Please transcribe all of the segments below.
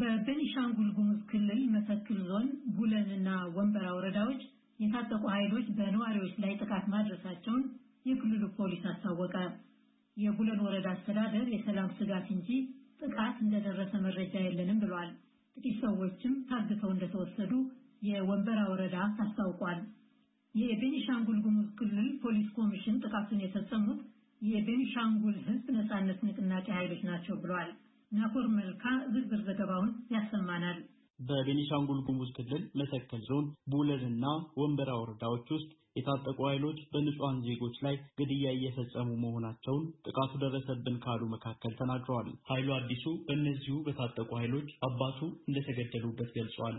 በቤኒሻንጉል ጉሙዝ ክልል መተክል ዞን ቡለንና ወንበራ ወረዳዎች የታጠቁ ኃይሎች በነዋሪዎች ላይ ጥቃት ማድረሳቸውን የክልሉ ፖሊስ አስታወቀ። የቡለን ወረዳ አስተዳደር የሰላም ስጋት እንጂ ጥቃት እንደደረሰ መረጃ የለንም ብሏል። ጥቂት ሰዎችም ታግተው እንደተወሰዱ የወንበራ ወረዳ አስታውቋል። የቤኒሻንጉል ጉሙዝ ክልል ፖሊስ ኮሚሽን ጥቃቱን የፈጸሙት የቤኒሻንጉል ሕዝብ ነጻነት ንቅናቄ ኃይሎች ናቸው ብለዋል። ናኮር መልካ ዝርዝር ዘገባውን ያሰማናል። በቤኒሻንጉል ጉሙዝ ክልል መተከል ዞን እና ወንበራ ወረዳዎች ውስጥ የታጠቁ ኃይሎች በንጹሐን ዜጎች ላይ ግድያ እየፈጸሙ መሆናቸውን ጥቃቱ ደረሰብን ካሉ መካከል ተናግረዋል። ኃይሉ አዲሱ በእነዚሁ በታጠቁ ኃይሎች አባቱ እንደተገደሉበት ገልጿል።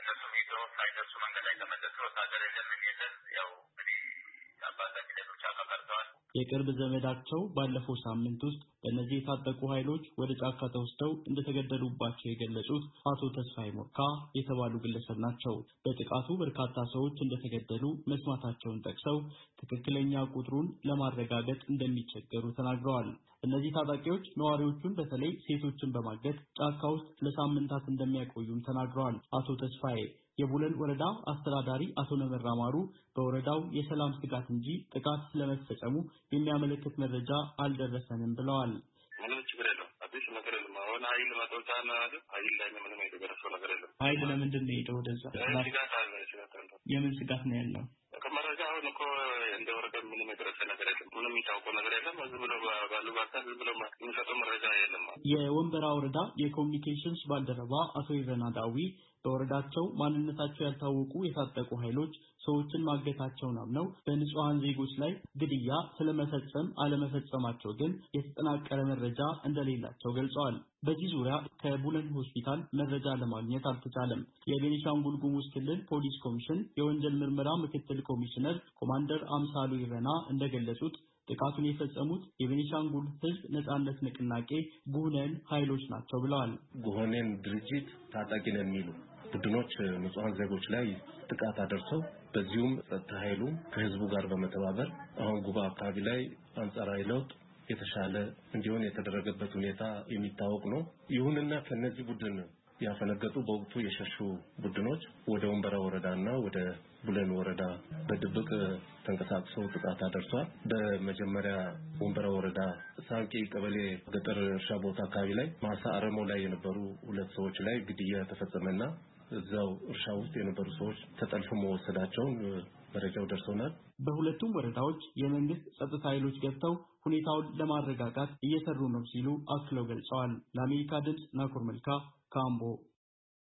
እነሱ ሄደው ሳይደርሱ መንገድ ላይ ተመለሱ። ወታደር የለን ያው እንግዲህ አባታችን ሌሎች ቀርተዋል። የቅርብ ዘመዳቸው ባለፈው ሳምንት ውስጥ በእነዚህ የታጠቁ ኃይሎች ወደ ጫካ ተወስደው እንደተገደሉባቸው የገለጹት አቶ ተስፋይ ሞርካ የተባሉ ግለሰብ ናቸው። በጥቃቱ በርካታ ሰዎች እንደተገደሉ መስማታቸውን ጠቅሰው ትክክለኛ ቁጥሩን ለማረጋገጥ እንደሚቸገሩ ተናግረዋል። እነዚህ ታጣቂዎች ነዋሪዎቹን በተለይ ሴቶችን በማገት ጫካ ውስጥ ለሳምንታት እንደሚያቆዩም ተናግረዋል። አቶ ተስፋዬ የቡለን ወረዳ አስተዳዳሪ አቶ ነመራ ማሩ በወረዳው የሰላም ስጋት እንጂ ጥቃት ስለመፈጸሙ የሚያመለክት መረጃ አልደረሰንም ብለዋል። ምንም ችግር የለም። አዲስ ነገር የለም። አሁን ሀይል መጠጫ ና ሀይል ላይ ምንም የተገረሰው ነገር የለም። ሀይል ለምንድን ነው የሄደው ወደዛ? ስጋት አለ። ስጋት አለ። የምን ስጋት ነው ያለው? አሁን እኮ እንደወረደ ምንም የደረሰ ነገር የለም። ምንም የሚታወቀው ነገር የለም። ዝም ብሎ ባሉ ባሳል ዝም ብሎ የሚሰጠው መረጃ የለም። የወንበራ ወረዳ የኮሚኒኬሽንስ ባልደረባ አቶ ይረና ዳዊ በወረዳቸው ማንነታቸው ያልታወቁ የታጠቁ ኃይሎች ሰዎችን ማገታቸው አምነው በንጹሐን ዜጎች ላይ ግድያ ስለመፈጸም አለመፈጸማቸው ግን የተጠናቀረ መረጃ እንደሌላቸው ገልጸዋል። በዚህ ዙሪያ ከቡለን ሆስፒታል መረጃ ለማግኘት አልተቻለም። የቤኒሻንጉል ጉሙዝ ክልል ፖሊስ ኮሚሽን የወንጀል ምርመራ ምክትል ኮሚሽነር ኮማንደር አምሳሉ ይረና እንደገለጹት ጥቃቱን የፈጸሙት የቤኒሻንጉል ህዝብ ነጻነት ንቅናቄ ጉህነን ኃይሎች ናቸው ብለዋል። ጉህነን ድርጅት ታጣቂ ነው የሚሉ ቡድኖች ንጹሐን ዜጎች ላይ ጥቃት አደርሰው በዚሁም ጸጥታ ኃይሉ ከህዝቡ ጋር በመተባበር አሁን ጉባ አካባቢ ላይ አንጻራዊ ለውጥ የተሻለ እንዲሆን የተደረገበት ሁኔታ የሚታወቅ ነው። ይሁንና ከነዚህ ቡድን ያፈነገጡ በወቅቱ የሸሹ ቡድኖች ወደ ወንበራ ወረዳና ወደ ቡለን ወረዳ በድብቅ ተንቀሳቅሰው ጥቃት አደርሷል። በመጀመሪያ ወንበራ ወረዳ ሳንቂ ቀበሌ ገጠር እርሻ ቦታ አካባቢ ላይ ማሳ አረሞ ላይ የነበሩ ሁለት ሰዎች ላይ ግድያ ተፈጸመና እዛው እርሻ ውስጥ የነበሩ ሰዎች ተጠልፎ መወሰዳቸውን መረጃው ደርሶናል። በሁለቱም ወረዳዎች የመንግስት ጸጥታ ኃይሎች ገብተው ሁኔታውን ለማረጋጋት እየሰሩ ነው ሲሉ አክለው ገልጸዋል። ለአሜሪካ ድምፅ ናኩር መልካ 干部。